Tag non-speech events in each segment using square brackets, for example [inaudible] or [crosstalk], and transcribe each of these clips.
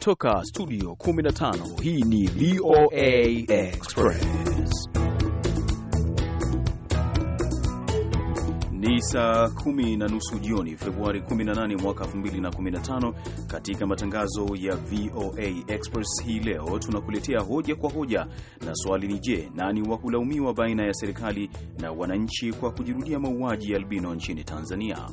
Kutoka studio 15 hii ni VOA Express. Ni saa kumi na nusu jioni Februari 18 mwaka 2015. Katika matangazo ya VOA Express hii leo tunakuletea hoja kwa hoja, na swali ni je, nani wa kulaumiwa baina ya serikali na wananchi kwa kujirudia mauaji ya albino nchini Tanzania?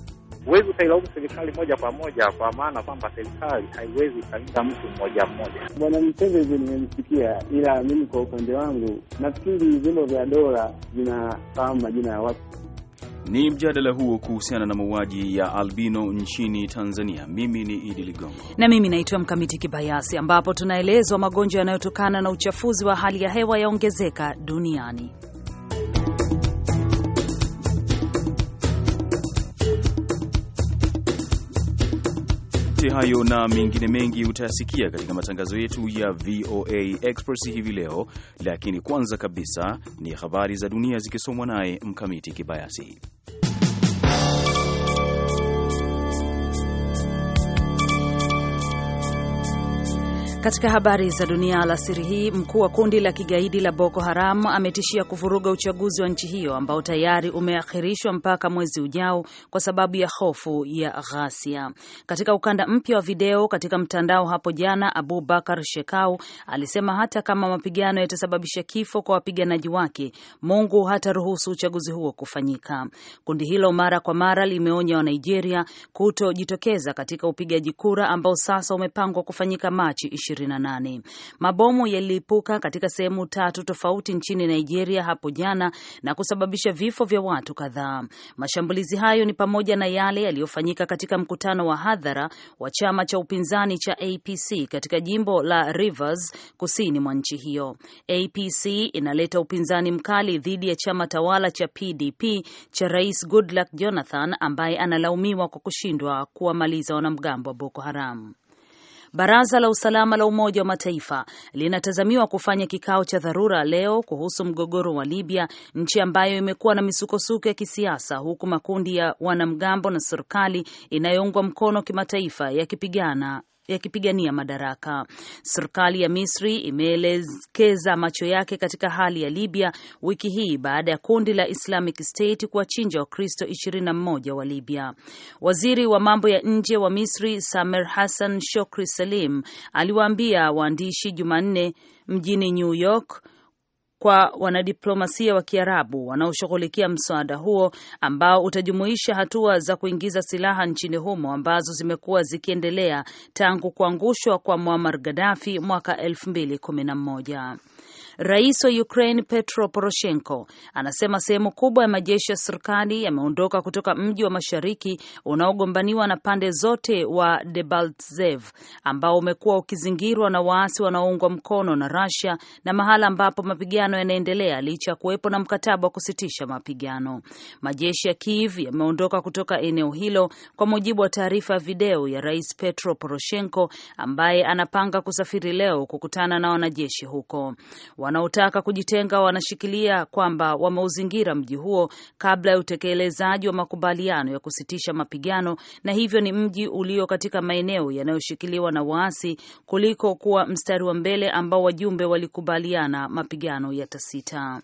Huwezi ukailaumu serikali moja kwa moja, kwa maana kwamba serikali haiwezi ukalinda mtu mmoja mmoja. Bwana Mseveni nimemsikia, ila mimi kwa upande wangu nafikiri vyombo vya dola vinafahamu majina ya watu. Ni mjadala huo kuhusiana na mauaji ya albino nchini Tanzania. Mimi ni Idi Ligongo na mimi naitwa Mkamiti Kibayasi, ambapo tunaelezwa magonjwa yanayotokana na uchafuzi wa hali ya hewa yaongezeka duniani. Yote hayo na mengine mengi utayasikia katika matangazo yetu ya VOA Express hivi leo, lakini kwanza kabisa ni habari za dunia zikisomwa naye Mkamiti Kibayasi. Katika habari za dunia alasiri hii, mkuu wa kundi la kigaidi la Boko Haram ametishia kuvuruga uchaguzi wa nchi hiyo ambao tayari umeakhirishwa mpaka mwezi ujao kwa sababu ya hofu ya ghasia. Katika ukanda mpya wa video katika mtandao hapo jana, Abu Bakar Shekau alisema hata kama mapigano yatasababisha kifo kwa wapiganaji wake, Mungu hataruhusu uchaguzi huo kufanyika. Kundi hilo mara kwa mara limeonya wa Nigeria kutojitokeza katika upigaji kura ambao sasa umepangwa kufanyika Machi 28. Mabomu yalipuka katika sehemu tatu tofauti nchini Nigeria hapo jana na kusababisha vifo vya watu kadhaa. Mashambulizi hayo ni pamoja na yale yaliyofanyika katika mkutano wa hadhara wa chama cha upinzani cha APC katika jimbo la Rivers kusini mwa nchi hiyo. APC inaleta upinzani mkali dhidi ya chama tawala cha PDP cha Rais Goodluck Jonathan ambaye analaumiwa kwa kushindwa kuwamaliza wanamgambo wa Boko Haram. Baraza la Usalama la Umoja wa Mataifa linatazamiwa kufanya kikao cha dharura leo kuhusu mgogoro wa Libya, nchi ambayo imekuwa na misukosuko ya kisiasa, huku makundi ya wanamgambo na serikali inayoungwa mkono kimataifa yakipigana yakipigania madaraka. Serikali ya Misri imeelekeza macho yake katika hali ya Libya wiki hii baada ya kundi la Islamic State kuwachinja Wakristo 21 wa Libya. Waziri wa mambo ya nje wa Misri Samer Hassan Shokri Salim aliwaambia waandishi Jumanne mjini New York kwa wanadiplomasia wa Kiarabu wanaoshughulikia mswada huo ambao utajumuisha hatua za kuingiza silaha nchini humo ambazo zimekuwa zikiendelea tangu kuangushwa kwa Muammar Gaddafi mwaka 2011. Rais wa Ukraine Petro Poroshenko anasema sehemu kubwa ya majeshi ya serikali yameondoka kutoka mji wa mashariki unaogombaniwa na pande zote wa Debaltsev ambao umekuwa ukizingirwa na waasi wanaoungwa mkono na Russia na mahala ambapo mapigano yanaendelea licha ya kuwepo na mkataba wa kusitisha mapigano. Majeshi ya Kiev yameondoka kutoka eneo hilo kwa mujibu wa taarifa ya video ya Rais Petro Poroshenko ambaye anapanga kusafiri leo kukutana na wanajeshi huko. Wanaotaka kujitenga wanashikilia kwamba wameuzingira mji huo kabla ya utekelezaji wa makubaliano ya kusitisha mapigano, na hivyo ni mji ulio katika maeneo yanayoshikiliwa na waasi kuliko kuwa mstari wa mbele ambao wajumbe walikubaliana mapigano yatasita.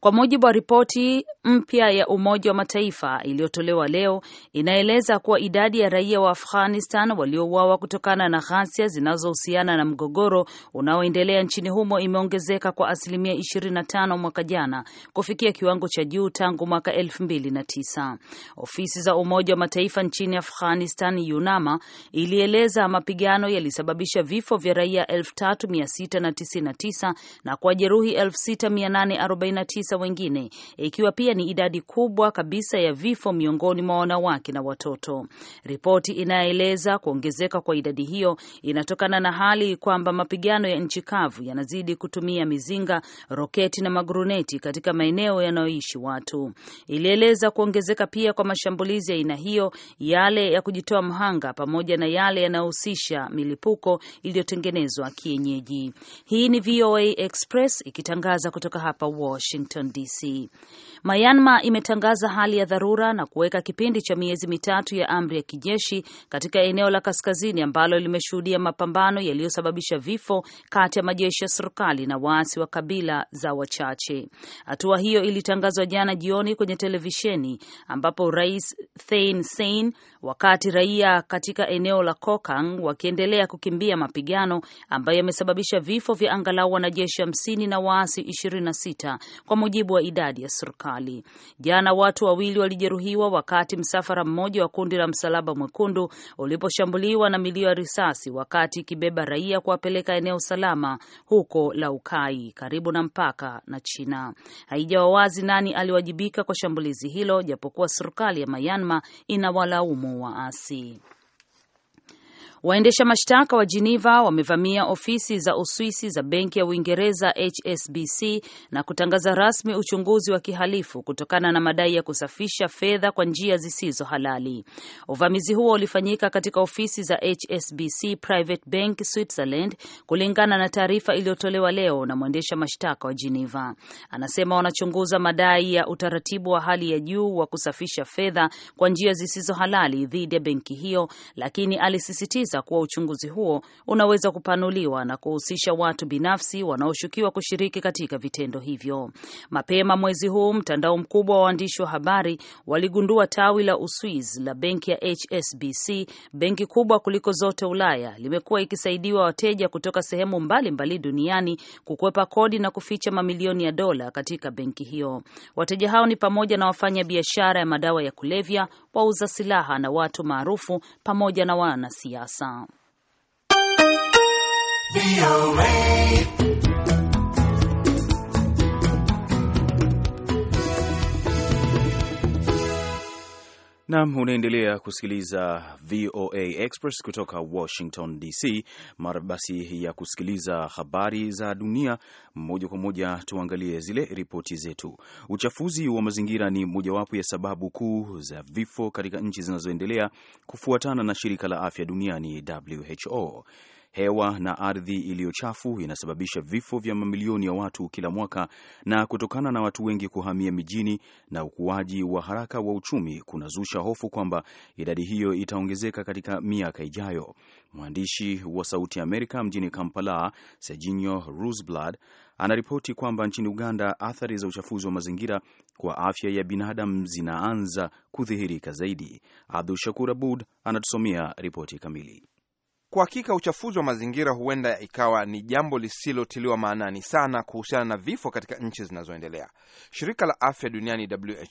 Kwa mujibu wa ripoti mpya ya Umoja wa Mataifa iliyotolewa leo, inaeleza kuwa idadi ya raia wa Afghanistan waliouawa kutokana na ghasia zinazohusiana na mgogoro unaoendelea nchini humo imeongezeka kwa asilimia 25 mwaka jana, kufikia kiwango cha juu tangu mwaka 2009. Ofisi za Umoja wa Mataifa nchini Afghanistan, YUNAMA, ilieleza mapigano yalisababisha vifo vya raia 3699 na kuwajeruhi 6840 49 wengine, ikiwa pia ni idadi kubwa kabisa ya vifo miongoni mwa wanawake na watoto. Ripoti inaeleza kuongezeka kwa idadi hiyo inatokana na hali kwamba mapigano ya nchi kavu yanazidi kutumia mizinga, roketi na maguruneti katika maeneo yanayoishi watu. Ilieleza kuongezeka pia kwa mashambulizi ya aina hiyo, yale ya kujitoa mhanga pamoja na yale yanayohusisha milipuko iliyotengenezwa kienyeji. Hii ni VOA Express ikitangaza kutoka hapa Washington. Washington DC. Myanmar imetangaza hali ya dharura na kuweka kipindi cha miezi mitatu ya amri ya kijeshi katika eneo la kaskazini ambalo limeshuhudia mapambano yaliyosababisha vifo kati ya majeshi ya serikali na waasi wa kabila za wachache. Hatua hiyo ilitangazwa jana jioni kwenye televisheni ambapo Rais Thein Sein, wakati raia katika eneo la Kokang wakiendelea kukimbia mapigano ambayo yamesababisha vifo vya angalau wanajeshi hamsini na waasi 26 kwa mujibu wa idadi ya serikali. Jana watu wawili walijeruhiwa wakati msafara mmoja wa kundi la Msalaba Mwekundu uliposhambuliwa na milio ya risasi wakati ikibeba raia kuwapeleka eneo salama huko Laukai karibu na mpaka na China. Haijawa wazi nani aliwajibika kwa shambulizi hilo, japokuwa serikali ya Myanmar inawalaumu waasi. Waendesha mashtaka wa Geneva wamevamia ofisi za Uswisi za benki ya Uingereza HSBC na kutangaza rasmi uchunguzi wa kihalifu kutokana na madai ya kusafisha fedha kwa njia zisizo halali. Uvamizi huo ulifanyika katika ofisi za HSBC Private Bank Switzerland, kulingana na taarifa iliyotolewa leo na mwendesha mashtaka wa Geneva. Anasema wanachunguza madai ya utaratibu wa hali ya juu wa kusafisha fedha kwa njia zisizo halali dhidi ya benki hiyo, lakini alisisitiza kueleza kuwa uchunguzi huo unaweza kupanuliwa na kuhusisha watu binafsi wanaoshukiwa kushiriki katika vitendo hivyo. Mapema mwezi huu, mtandao mkubwa wa waandishi wa habari waligundua tawi la Uswiz la benki ya HSBC, benki kubwa kuliko zote Ulaya, limekuwa ikisaidiwa wateja kutoka sehemu mbalimbali mbali duniani kukwepa kodi na kuficha mamilioni ya dola katika benki hiyo. Wateja hao ni pamoja na wafanya biashara ya madawa ya kulevya, wauza silaha na watu maarufu pamoja na wanasiasa. Nam, unaendelea kusikiliza VOA Express kutoka Washington DC. Mara basi ya kusikiliza habari za dunia moja kwa moja, tuangalie zile ripoti zetu. Uchafuzi wa mazingira ni mojawapo ya sababu kuu za vifo katika nchi zinazoendelea, kufuatana na shirika la afya duniani WHO. Hewa na ardhi iliyo chafu inasababisha vifo vya mamilioni ya watu kila mwaka, na kutokana na watu wengi kuhamia mijini na ukuaji wa haraka wa uchumi kunazusha hofu kwamba idadi hiyo itaongezeka katika miaka ijayo. Mwandishi wa Sauti ya Amerika mjini Kampala, Sejinyo Rusblad anaripoti kwamba nchini Uganda athari za uchafuzi wa mazingira kwa afya ya binadamu zinaanza kudhihirika zaidi. abdu Shakur Abud anatusomea ripoti kamili. Kwa hakika uchafuzi wa mazingira huenda ikawa ni jambo lisilotiliwa maanani sana kuhusiana na vifo katika nchi zinazoendelea. Shirika la afya duniani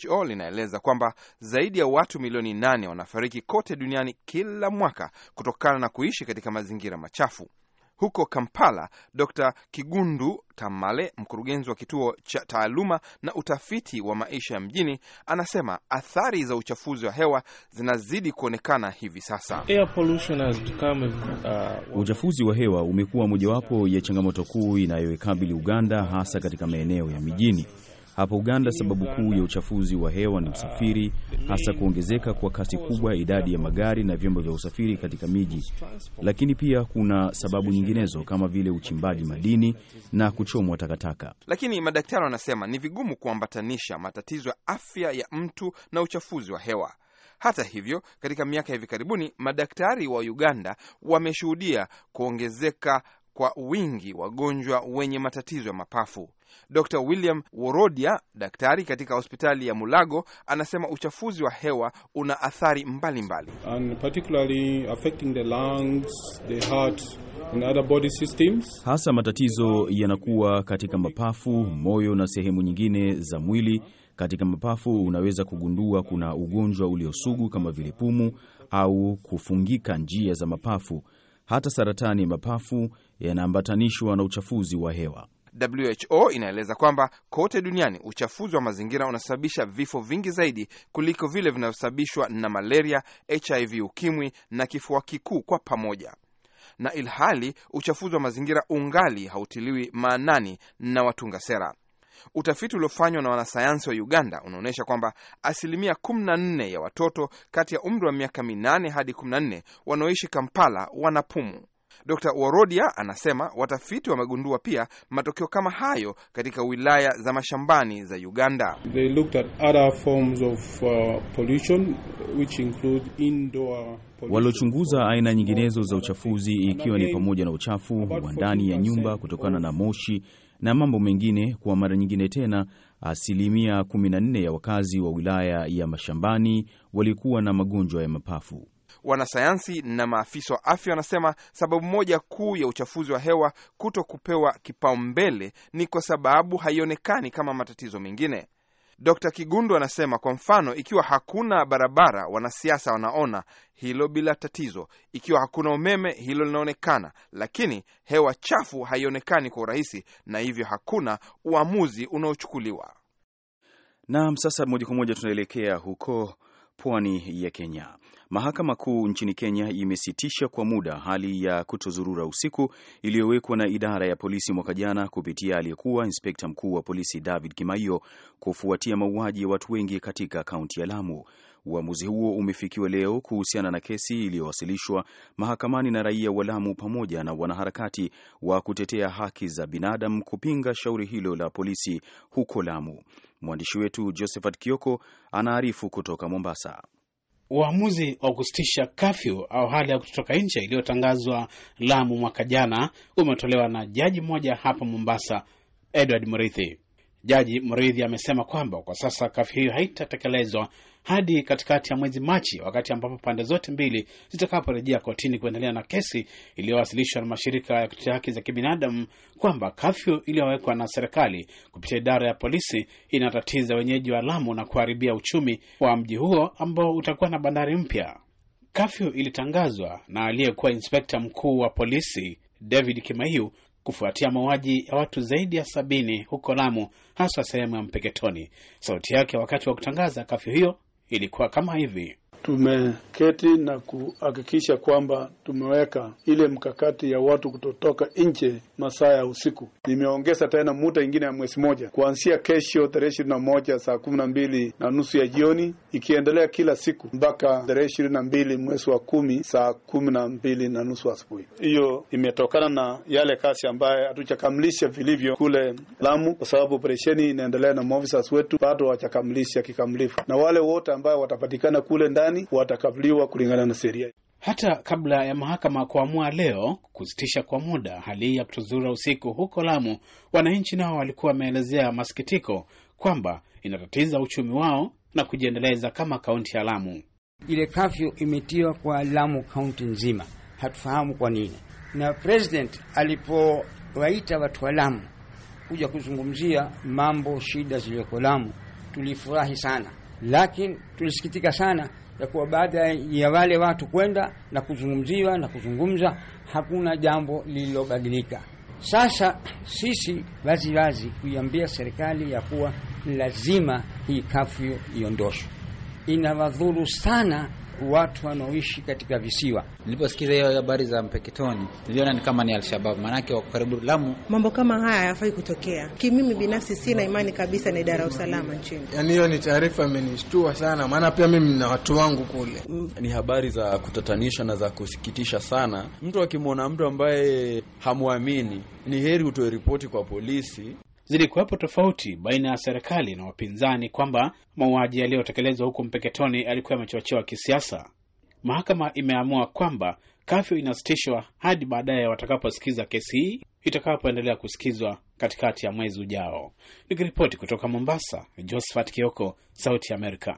WHO linaeleza kwamba zaidi ya watu milioni nane wanafariki kote duniani kila mwaka kutokana na kuishi katika mazingira machafu. Huko Kampala, Dr Kigundu Tamale, mkurugenzi wa kituo cha taaluma na utafiti wa maisha ya mjini, anasema athari za uchafuzi wa hewa zinazidi kuonekana hivi sasa. Uh, uchafuzi wa hewa umekuwa mojawapo ya changamoto kuu inayoikabili Uganda, hasa katika maeneo ya mijini. Hapa Uganda, sababu kuu ya uchafuzi wa hewa ni usafiri, hasa kuongezeka kwa kasi kubwa idadi ya magari na vyombo vya usafiri katika miji. Lakini pia kuna sababu nyinginezo kama vile uchimbaji madini na kuchomwa takataka. Lakini madaktari wanasema ni vigumu kuambatanisha matatizo ya afya ya mtu na uchafuzi wa hewa. Hata hivyo, katika miaka ya hivi karibuni madaktari wa Uganda wameshuhudia kuongezeka kwa wingi wagonjwa wenye matatizo ya mapafu. Dr William Worodia, daktari katika hospitali ya Mulago, anasema uchafuzi wa hewa una athari mbalimbali hasa matatizo yanakuwa katika mapafu, moyo na sehemu nyingine za mwili. Katika mapafu unaweza kugundua kuna ugonjwa uliosugu kama vile pumu au kufungika njia za mapafu hata saratani ya mapafu yanaambatanishwa na uchafuzi wa hewa. WHO inaeleza kwamba kote duniani uchafuzi wa mazingira unasababisha vifo vingi zaidi kuliko vile vinavyosababishwa na malaria, HIV, ukimwi na kifua kikuu kwa pamoja, na ilhali uchafuzi wa mazingira ungali hautiliwi maanani na watunga sera. Utafiti uliofanywa na wanasayansi wa Uganda unaonyesha kwamba asilimia 14 ya watoto kati ya umri wa miaka 8 hadi 14 wanaoishi Kampala wana pumu. Dr Warodia anasema watafiti wamegundua pia matokeo kama hayo katika wilaya za mashambani za Uganda. They looked at other forms of, uh, pollution, which include indoor waliochunguza aina nyinginezo za uchafuzi ikiwa ni pamoja na uchafu wa ndani ya nyumba kutokana na moshi na mambo mengine. Kwa mara nyingine tena, asilimia 14 ya wakazi wa wilaya ya mashambani walikuwa na magonjwa ya mapafu. Wanasayansi na maafisa wa afya wanasema sababu moja kuu ya uchafuzi wa hewa kuto kupewa kipaumbele ni kwa sababu haionekani kama matatizo mengine. Dr. Kigundu anasema kwa mfano, ikiwa hakuna barabara, wanasiasa wanaona hilo bila tatizo. Ikiwa hakuna umeme, hilo linaonekana, lakini hewa chafu haionekani kwa urahisi, na hivyo hakuna uamuzi unaochukuliwa. Naam, sasa moja kwa moja tunaelekea huko pwani ya Kenya. Mahakama Kuu nchini Kenya imesitisha kwa muda hali ya kutozurura usiku iliyowekwa na idara ya polisi mwaka jana kupitia aliyekuwa inspekta mkuu wa polisi David Kimaiyo kufuatia mauaji ya watu wengi katika kaunti ya Lamu. Uamuzi huo umefikiwa leo kuhusiana na kesi iliyowasilishwa mahakamani na raia wa Lamu pamoja na wanaharakati wa kutetea haki za binadamu kupinga shauri hilo la polisi huko Lamu. Mwandishi wetu Josephat Kioko anaarifu kutoka Mombasa. Uamuzi wa kusitisha kafyu au hali ya kutotoka nje iliyotangazwa Lamu mwaka jana umetolewa na jaji mmoja hapa Mombasa, Edward Murithi. Jaji Murithi amesema kwamba kwa sasa kafyu hiyo haitatekelezwa hadi katikati ya mwezi Machi, wakati ambapo pande zote mbili zitakaporejea kotini kuendelea na kesi iliyowasilishwa na mashirika ya kutetea haki za kibinadamu kwamba kafyu iliyowekwa na serikali kupitia idara ya polisi inatatiza wenyeji wa Lamu na kuharibia uchumi wa mji huo ambao utakuwa na bandari mpya. Kafyu ilitangazwa na aliyekuwa inspekta mkuu wa polisi David Kimaiu kufuatia mauaji ya watu zaidi ya sabini huko Lamu, haswa sehemu ya Mpeketoni. Sauti yake wakati wa kutangaza kafyu hiyo ilikuwa kama hivi tumeketi na kuhakikisha kwamba tumeweka ile mkakati ya watu kutotoka nje masaa ya usiku. Nimeongeza tena muda ingine ya mwezi moja kuanzia kesho tarehe ishirini na moja saa kumi na mbili na nusu ya jioni, ikiendelea kila siku mpaka tarehe ishirini na mbili mwezi wa kumi saa kumi na mbili na nusu asubuhi. Hiyo imetokana na yale kazi ambaye hatujakamilisha vilivyo kule Lamu, kwa sababu operesheni inaendelea na maofisa wetu bado hawajakamilisha kikamilifu, na wale wote ambayo watapatikana kule ndani gani watakavuliwa kulingana na sheria. Hata kabla ya mahakama kuamua leo kusitisha kwa muda hali hii ya kutozura usiku huko Lamu, wananchi nao walikuwa wameelezea masikitiko kwamba inatatiza uchumi wao na kujiendeleza kama kaunti ya Lamu. Ile kafyu imetiwa kwa Lamu kaunti nzima, hatufahamu kwa nini, na president alipowaita watu wa Lamu kuja kuzungumzia mambo shida zilizoko Lamu tulifurahi sana, lakini tulisikitika sana ya kuwa baada ya wale watu kwenda na kuzungumziwa na kuzungumza, hakuna jambo lililobadilika. Sasa sisi wazi wazi kuiambia serikali ya kuwa lazima hii kafyu iondoshwe, inawadhuru sana watu wanaoishi katika visiwa. Niliposikiza hiyo habari za Mpeketoni niliona ni kama ni Alshabab, maanake wako karibu Lamu. Mambo kama haya hayafai kutokea. Kimimi binafsi sina imani kabisa na idara ya usalama nchini. Yaani hiyo ni taarifa imenishtua sana, maana pia mimi na watu wangu kule. Ni habari za kutatanisha na za kusikitisha sana. Mtu akimwona mtu ambaye hamwamini, ni heri utoe ripoti kwa polisi zilikuwepo tofauti baina ya serikali na wapinzani kwamba mauaji yaliyotekelezwa huko Mpeketoni yalikuwa yamechochewa kisiasa. Mahakama imeamua kwamba kafyu inasitishwa hadi baadaye watakaposikiza kesi hii itakapoendelea kusikizwa katikati ya mwezi ujao. Nikiripoti kutoka Mombasa, Josephat Kioko, Sauti ya Amerika.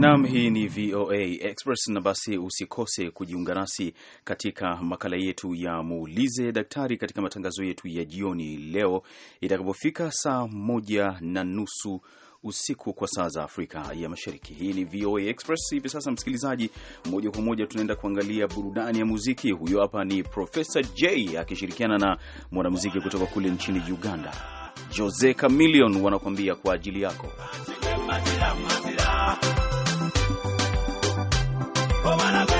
nam hii ni VOA Express, na basi usikose kujiunga nasi katika makala yetu ya muulize daktari katika matangazo yetu ya jioni leo itakapofika saa moja na nusu usiku kwa saa za Afrika ya Mashariki. Hii ni VOA Express. Hivi sasa, msikilizaji, moja kwa moja tunaenda kuangalia burudani ya muziki. Huyo hapa ni Profesa J akishirikiana na mwanamuziki kutoka kule nchini Uganda, Jose Chameleone, wanakuambia kwa ajili yako o van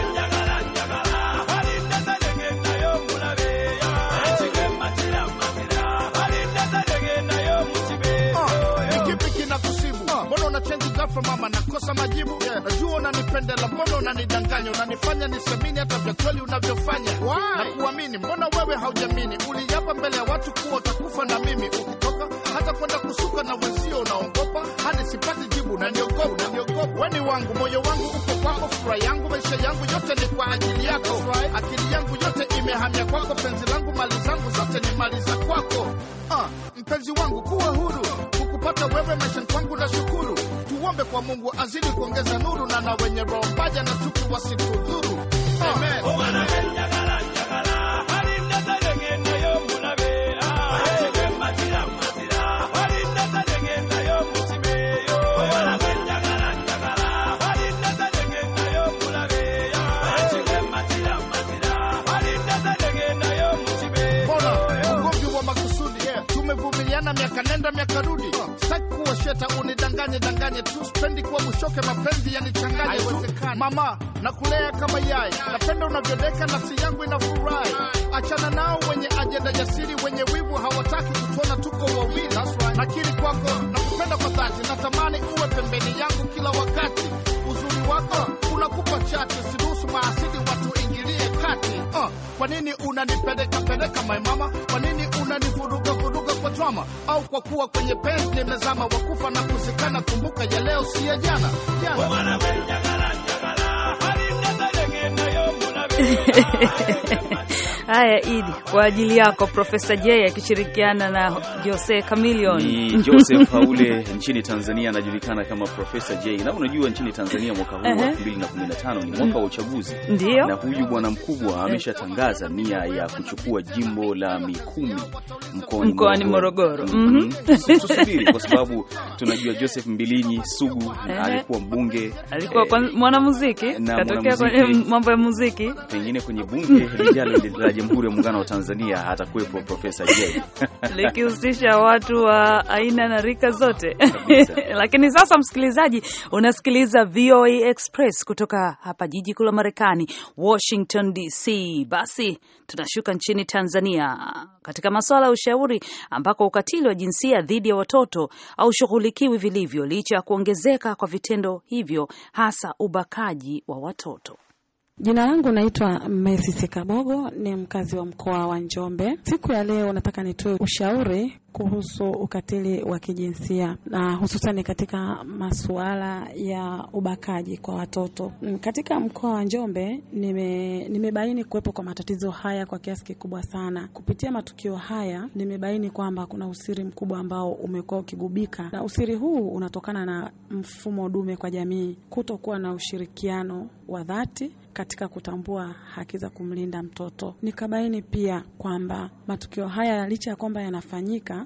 hapa mama, nakosa majibu yeah. Najua unanipenda la, mbona unanidanganya, unanifanya nisemini hata vya kweli unavyofanya na kuamini. Mbona wewe haujamini? Uliapa mbele ya watu kuwa utakufa na mimi ukitoka hata kwenda kusuka na wenzio, unaogopa hadi sipati jibu, unaniogopa, unaniogopa. Weni wangu, moyo wangu uko kwako, fura yangu, maisha yangu yote ni kwa ajili yako, akili yangu yote imehamia kwako, penzi langu, mali zangu zote ni mali za kwako. Uh, mpenzi wangu, kuwa huru kupata wewe maisha kwangu na shukuru. Tuombe kwa Mungu azidi kuongeza nuru, na na wenye roho mbaya na chuki wasikudhuru. Amen. danganye danganye tu, spendi kuwa mushoke mapenzi yanichanganye wezekana. Mama nakulea kama yai, napenda unavyodeka, nafsi yangu inafurahi. Achana nao wenye ajenda jasiri, wenye wivu, hawataki kutona tuko wawili. Nakiri kwako, nakupenda kwa dhati, natamani uwe pembeni yangu kila wakati. Uzuri wako unakupa chache, siruhusu maasidi watu ingilie kati. Uh, kwa nini unanipeleka peleka my Kwa nini unanifuru trauma au kwa kuwa kwenye penzi nimezama, wakufa na kuzikana, kumbuka ya leo si ya jana jana. [laughs] Haya, Idi, kwa ajili yako Profesa J akishirikiana na Jose Chameleone. Ni Joseph Haule [laughs] nchini Tanzania anajulikana kama Profesa J, na unajua nchini Tanzania mwaka huu wa uh -huh. 2015 ni mwaka wa uchaguzi. Ndiyo. Na huyu bwana mkubwa ameshatangaza nia ya kuchukua jimbo la Mikumi mkoani Morogoro. mm -hmm. Tusubiri kwa sababu tunajua Joseph Mbilinyi Sugu uh -huh. alikuwa mbunge, alikuwa eh, mwanamuziki, katokea kwenye mambo ya muziki, pengine kwenye bunge [laughs] lijalo Jamhuri ya Muungano wa Tanzania atakuwepo Profesa J [laughs] likihusisha watu wa aina na rika zote [laughs] lakini sasa, msikilizaji, unasikiliza VOA Express kutoka hapa jiji kuu la Marekani, Washington DC. Basi tunashuka nchini Tanzania katika masuala ya ushauri, ambako ukatili wa jinsia dhidi ya watoto haushughulikiwi vilivyo licha ya kuongezeka kwa vitendo hivyo, hasa ubakaji wa watoto. Jina langu naitwa Messi Sekabogo, ni mkazi wa mkoa wa Njombe. Siku ya leo nataka nitoe ushauri kuhusu ukatili wa kijinsia na hususan katika masuala ya ubakaji kwa watoto. Mm, katika mkoa wa Njombe nime, nimebaini kuwepo kwa matatizo haya kwa kiasi kikubwa sana. Kupitia matukio haya nimebaini kwamba kuna usiri mkubwa ambao umekuwa ukigubika, na usiri huu unatokana na mfumo dume kwa jamii, kutokuwa na ushirikiano wa dhati katika kutambua haki za kumlinda mtoto. Nikabaini pia kwamba matukio haya licha ya kwamba yanafanyika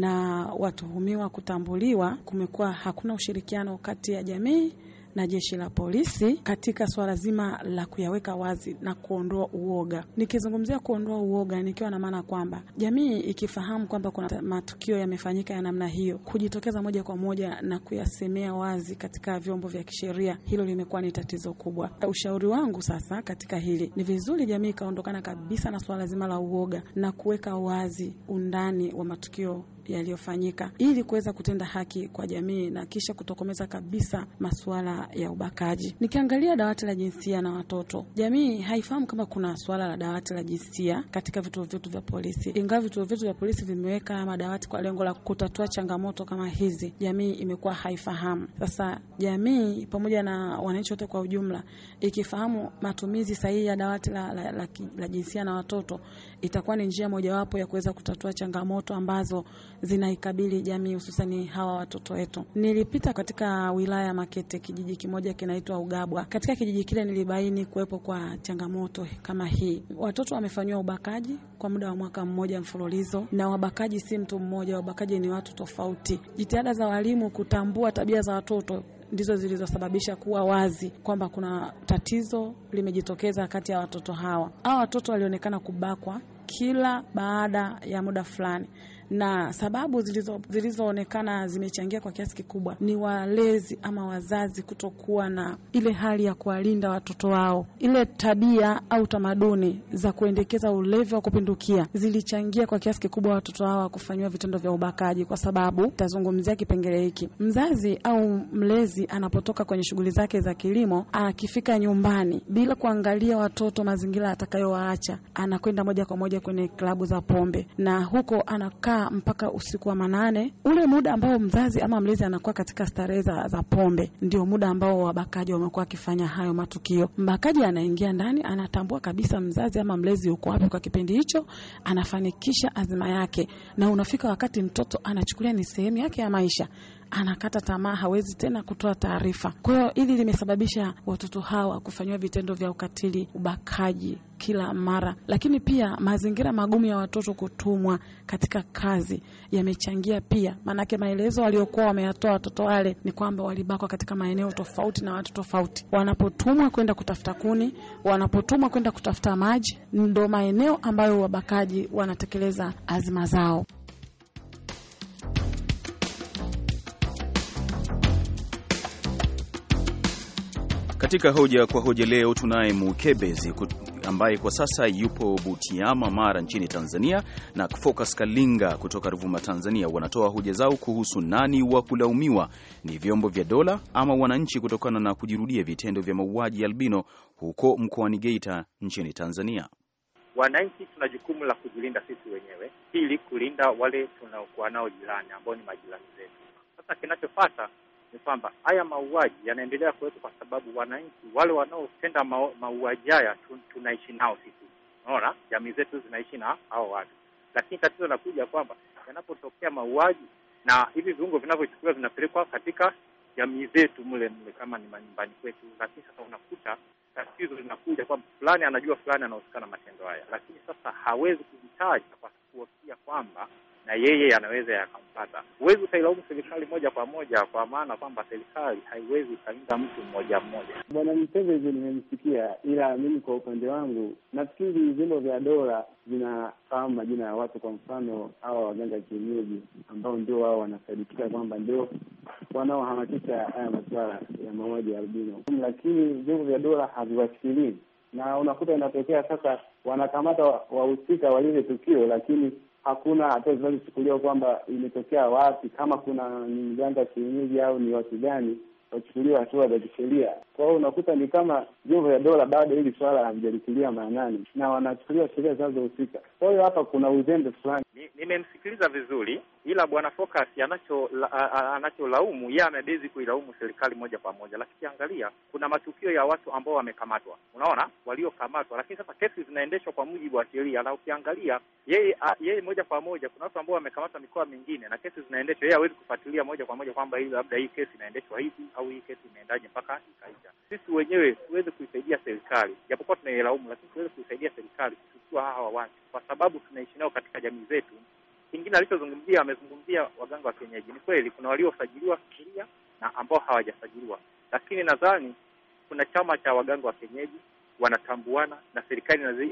na watuhumiwa kutambuliwa, kumekuwa hakuna ushirikiano kati ya jamii na jeshi la polisi katika swala zima la kuyaweka wazi na kuondoa uoga. Nikizungumzia kuondoa uoga, nikiwa na maana kwamba jamii ikifahamu kwamba kuna matukio yamefanyika ya namna hiyo, kujitokeza moja kwa moja na kuyasemea wazi katika vyombo vya kisheria, hilo limekuwa ni tatizo kubwa. Ushauri wangu sasa katika hili ni vizuri jamii ikaondokana kabisa na swala zima la uoga na kuweka wazi undani wa matukio yaliyofanyika ili kuweza kutenda haki kwa jamii na kisha kutokomeza kabisa masuala ya ubakaji. Nikiangalia dawati la jinsia na watoto, jamii haifahamu kama kuna suala la dawati la jinsia katika vituo vyetu vya polisi, ingawa vituo vyetu vya polisi vimeweka madawati kwa lengo la kutatua changamoto kama hizi, jamii imekuwa haifahamu. Sasa jamii pamoja na wananchi wote kwa ujumla, ikifahamu matumizi sahihi ya dawati la, la, la, la jinsia na watoto, itakuwa ni njia mojawapo ya kuweza kutatua changamoto ambazo zinaikabili jamii, hususani hawa watoto wetu. Nilipita katika wilaya ya Makete, kijiji kimoja kinaitwa Ugabwa. Katika kijiji kile nilibaini kuwepo kwa changamoto kama hii, watoto wamefanyiwa ubakaji kwa muda wa mwaka mmoja mfululizo, na wabakaji si mtu mmoja, wabakaji ni watu tofauti. Jitihada za walimu kutambua tabia za watoto ndizo zilizosababisha kuwa wazi kwamba kuna tatizo limejitokeza kati ya watoto hawa. Hawa watoto walionekana kubakwa kila baada ya muda fulani na sababu zilizoonekana zilizo zimechangia kwa kiasi kikubwa ni walezi ama wazazi kutokuwa na ile hali ya kuwalinda watoto wao. Ile tabia au tamaduni za kuendekeza ulevi wa kupindukia zilichangia kwa kiasi kikubwa watoto hao kufanyiwa vitendo vya ubakaji, kwa sababu tazungumzia kipengele hiki. Mzazi au mlezi anapotoka kwenye shughuli zake za kilimo, akifika nyumbani bila kuangalia watoto mazingira atakayowaacha, anakwenda moja kwa moja kwenye klabu za pombe na huko anakaa kukaa mpaka usiku wa manane, ule muda ambao mzazi ama mlezi anakuwa katika starehe za pombe, ndio muda ambao wabakaji wamekuwa wakifanya hayo matukio. Mbakaji anaingia ndani, anatambua kabisa mzazi ama mlezi uko wapi kwa kipindi hicho, anafanikisha azima yake, na unafika wakati mtoto anachukulia ni sehemu yake ya maisha anakata tamaa, hawezi tena kutoa taarifa. Kwa hiyo hili limesababisha watoto hawa kufanyiwa vitendo vya ukatili, ubakaji kila mara. Lakini pia mazingira magumu ya watoto kutumwa katika kazi yamechangia pia, maanake maelezo waliokuwa wameyatoa watoto wale ni kwamba walibakwa katika maeneo tofauti na watu tofauti. Wanapotumwa kwenda kutafuta kuni, wanapotumwa kwenda kutafuta maji, ndo maeneo ambayo wabakaji wanatekeleza azima zao. Katika hoja kwa hoja leo tunaye Mukebezi ambaye kwa sasa yupo Butiama, Mara nchini Tanzania, na Focus Kalinga kutoka Ruvuma, Tanzania. Wanatoa hoja zao kuhusu nani wa kulaumiwa, ni vyombo vya dola ama wananchi, kutokana na kujirudia vitendo vya mauaji ya albino huko mkoani Geita nchini Tanzania. Wananchi tuna jukumu la kujilinda sisi wenyewe, pili kulinda wale tunaokuwa nao jirani ambao ni majirani zetu. Sasa kinachofata ni kwamba haya mauaji yanaendelea kuwepo kwa sababu wananchi wale wanaotenda mauaji haya tunaishi nao sisi, unaona, jamii zetu zinaishi na hao watu, lakini tatizo la kuja kwamba yanapotokea mauaji na hivi viungo vinavyochukuliwa vinapelekwa katika jamii zetu mle mle, kama ni manyumbani kwetu, lakini sasa unakuta tatizo linakuja kwamba fulani anajua fulani anahusika na matendo haya, lakini sasa hawezi kuvitaja kwa kuhofia kwamba na yeye anaweza yakampata. Huwezi ukailaumu serikali moja kwa moja, kwa maana kwamba serikali haiwezi ukalinda mtu mmoja mmoja. Bwana Mseveni, nimemsikia, ila mimi kwa upande wangu nafikiri vyombo vya dola vinafahamu majina ya watu, kwa mfano hawa waganga kienyeji ambao ndio wao wanasadikika kwamba ndio wanaohamasisha haya masuala ya mauaji ya albino, lakini vyombo vya dola haviwasikilii na unakuta inatokea sasa, wanakamata wahusika wa lile tukio, lakini hakuna hatua zinazochukuliwa kwamba imetokea wapi, kama kuna ni mganga kienyeji au ni watu gani wachukuliwa hatua za kisheria. Kwa hiyo unakuta ni kama vyombo vya dola bado hili swala halijalichukulia maanani na wanachukuliwa sheria zinazohusika. Kwa hiyo hapa kuna uzembe fulani nimemsikiliza vizuri, ila bwana Focus anacholaumu yeye amebezi kuilaumu serikali moja kwa moja, lakini kiangalia kuna matukio ya watu ambao wamekamatwa, unaona waliokamatwa, lakini sasa kesi zinaendeshwa kwa mujibu wa sheria, na ukiangalia yeye yeye moja kwa moja, kuna watu ambao wamekamatwa mikoa mingine na kesi zinaendeshwa, yeye hawezi kufuatilia moja kwa moja kwamba labda hii kesi inaendeshwa hivi au hii kesi imeendaje mpaka ikaisha. Sisi wenyewe tuweze kuisaidia serikali, japokuwa tunailaumu, lakini tuweze kuisaidia serikali kuchukua hawa watu, kwa sababu tunaishi nao katika jamii zetu kingine alichozungumzia, amezungumzia waganga wa kienyeji. Ni kweli kuna waliosajiliwa kisheria na ambao hawajasajiliwa, lakini nadhani kuna chama cha waganga wa kienyeji wanatambuana na serikali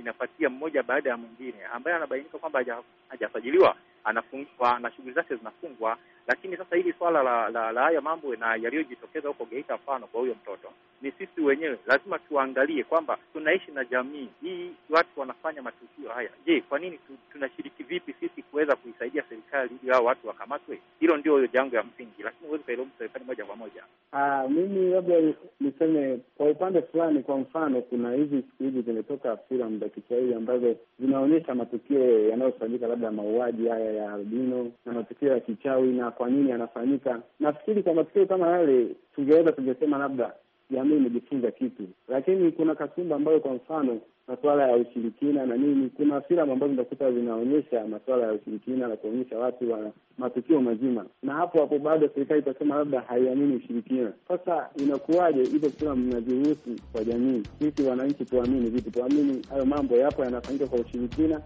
inapatia mmoja baada ya mwingine, ambaye anabainika kwamba hajasajiliwa anafungwa na shughuli zake zinafungwa. Lakini sasa hili swala la, la, la haya mambo na yaliyojitokeza huko Geita, mfano kwa huyo mtoto, ni sisi wenyewe lazima tuangalie kwamba tunaishi na jamii hii, watu wanafanya matukio haya. Je, kwa nini tu, tunashiriki vipi sisi kuweza kuisaidia serikali ili hao watu wakamatwe? Hilo ndio jambo ya msingi, lakini huwezi ukailaumu serikali moja kwa moja. Ah, mimi labda niseme kwa upande fulani, kwa mfano, kuna hizi siku hizi zimetoka filamu za Kiswahili ambazo zinaonyesha matukio yanayofanyika labda mauaji haya ya albino na matukio ya kichawi na kwa nini yanafanyika. Nafikiri kwa matukio kama yale tungeweza tungesema labda jamii imejifunza kitu, lakini kuna kasumba ambayo, kwa mfano, masuala ya ushirikina na nini, kuna filamu ambazo unakuta zinaonyesha masuala ya ushirikina na kuonyesha watu wa matukio mazima, na hapo hapo bado serikali itasema labda haiamini ushirikina. Sasa inakuwaje hizo filamu mnaziruhusu kwa jamii? Sisi wananchi tuamini vipi? Tuamini hayo mambo yapo yanafanyika kwa ushirikina?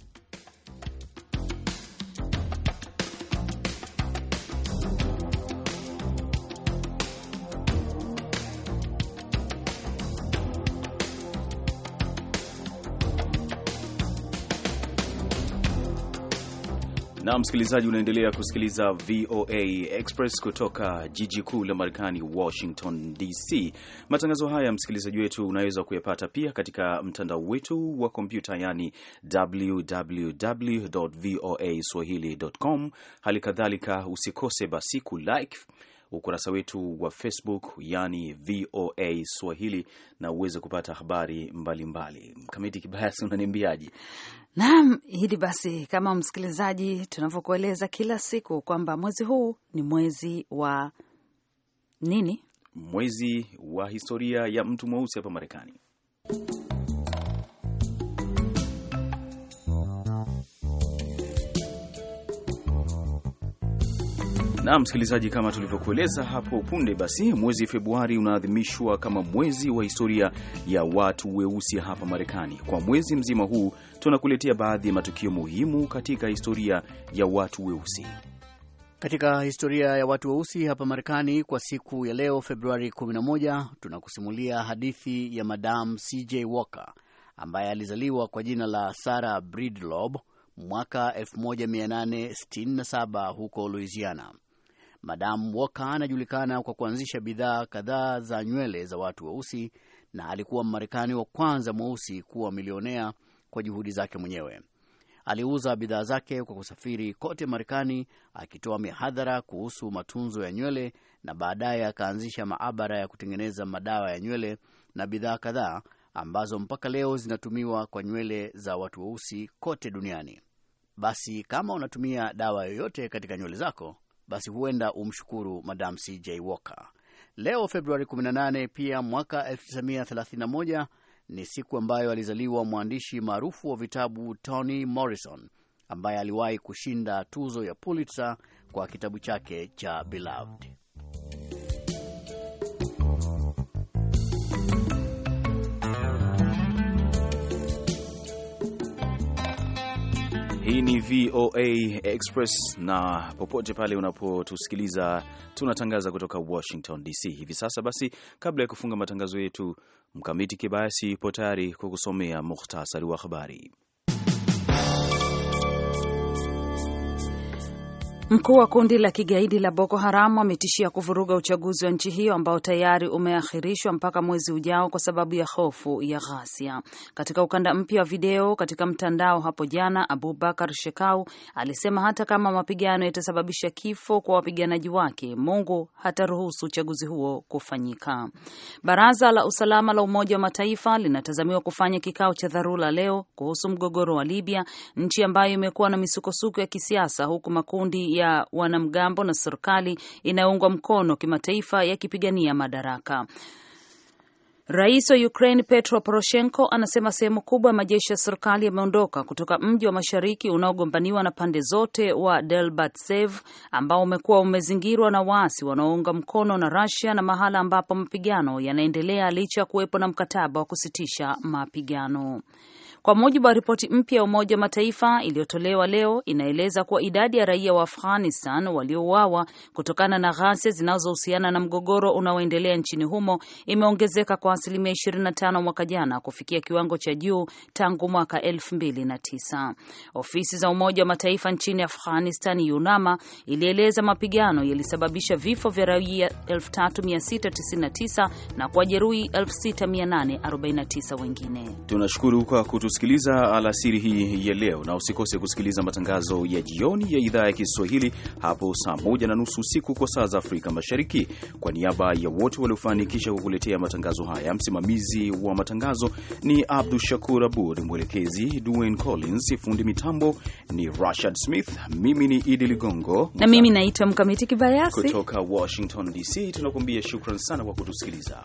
na msikilizaji, unaendelea kusikiliza VOA Express kutoka jiji kuu la Marekani, Washington DC. Matangazo haya, msikilizaji wetu, unaweza kuyapata pia katika mtandao wetu wa kompyuta, yani www voa swahili.com. Hali kadhalika usikose basi kulike ukurasa wetu wa Facebook, yani VOA Swahili, na uweze kupata habari mbalimbali. Mkamiti Kibayasi, unaniambiaje? Naam, hili basi, kama msikilizaji, tunavyokueleza kila siku kwamba mwezi huu ni mwezi wa nini? Mwezi wa historia ya mtu mweusi hapa Marekani. Na msikilizaji, kama tulivyokueleza hapo punde, basi mwezi Februari unaadhimishwa kama mwezi wa historia ya watu weusi hapa Marekani. Kwa mwezi mzima huu tunakuletea baadhi ya matukio muhimu katika historia ya watu weusi. Katika historia ya watu weusi hapa Marekani, kwa siku ya leo Februari 11, tunakusimulia hadithi ya Madam CJ Walker ambaye alizaliwa kwa jina la Sarah Breedlove mwaka 1867 huko Louisiana. Madam Walker anajulikana kwa kuanzisha bidhaa kadhaa za nywele za watu weusi wa na alikuwa Mmarekani wa kwanza mweusi kuwa milionea kwa juhudi zake mwenyewe. Aliuza bidhaa zake kwa kusafiri kote Marekani akitoa mihadhara kuhusu matunzo ya nywele na baadaye akaanzisha maabara ya kutengeneza madawa ya nywele na bidhaa kadhaa ambazo mpaka leo zinatumiwa kwa nywele za watu weusi kote duniani. Basi kama unatumia dawa yoyote katika nywele zako, basi huenda umshukuru Madam CJ Walker. Leo Februari 18 pia mwaka 1931 ni siku ambayo alizaliwa mwandishi maarufu wa vitabu Toni Morrison ambaye aliwahi kushinda tuzo ya Pulitzer kwa kitabu chake cha Beloved. Hii ni VOA Express na popote pale unapotusikiliza, tunatangaza kutoka Washington DC hivi sasa. Basi, kabla ya kufunga matangazo yetu, Mkamiti Kibayasi ipo tayari kukusomea muhtasari wa habari. Mkuu wa kundi la kigaidi la Boko Haram ametishia kuvuruga uchaguzi wa nchi hiyo ambao tayari umeahirishwa mpaka mwezi ujao kwa sababu ya hofu ya ghasia. Katika ukanda mpya wa video katika mtandao hapo jana, Abubakar Shekau alisema hata kama mapigano yatasababisha kifo kwa wapiganaji wake, Mungu hataruhusu uchaguzi huo kufanyika. Baraza la Usalama la Umoja wa Mataifa linatazamiwa kufanya kikao cha dharura leo kuhusu mgogoro wa Libya, nchi ambayo imekuwa na misukosuko ya kisiasa huku makundi ya wanamgambo na serikali inayoungwa mkono kimataifa yakipigania madaraka. Rais wa Ukraine Petro Poroshenko anasema sehemu kubwa ya majeshi ya serikali yameondoka kutoka mji wa mashariki unaogombaniwa na pande zote wa Delbatsev ambao umekuwa umezingirwa na waasi wanaounga mkono na Russia na mahala ambapo mapigano yanaendelea licha ya kuwepo na mkataba wa kusitisha mapigano. Kwa mujibu wa ripoti mpya ya Umoja wa Mataifa iliyotolewa leo, inaeleza kuwa idadi ya raia wa Afghanistan waliouawa kutokana na ghasia zinazohusiana na mgogoro unaoendelea nchini humo imeongezeka kwa asilimia 25 mwaka jana, kufikia kiwango cha juu tangu mwaka 2009. Ofisi za Umoja wa Mataifa nchini Afghanistan, UNAMA, ilieleza mapigano yalisababisha vifo vya raia 3699 na kwa jeruhi 6849 wengine. Tunashukuru kwa kutus kutusikiliza alasiri hii ya leo, na usikose kusikiliza matangazo ya jioni ya idhaa ya Kiswahili hapo saa moja na nusu usiku kwa saa za Afrika Mashariki. Kwa niaba ya wote waliofanikisha kukuletea matangazo haya, msimamizi wa matangazo ni Abdu Shakur Abud, mwelekezi Dwayne Collins, fundi mitambo ni Rashad Smith, mimi ni Idi Ligongo na mimi naitwa Mkamiti Kibayasi kutoka Washington DC. Tunakuambia shukran sana kwa kutusikiliza.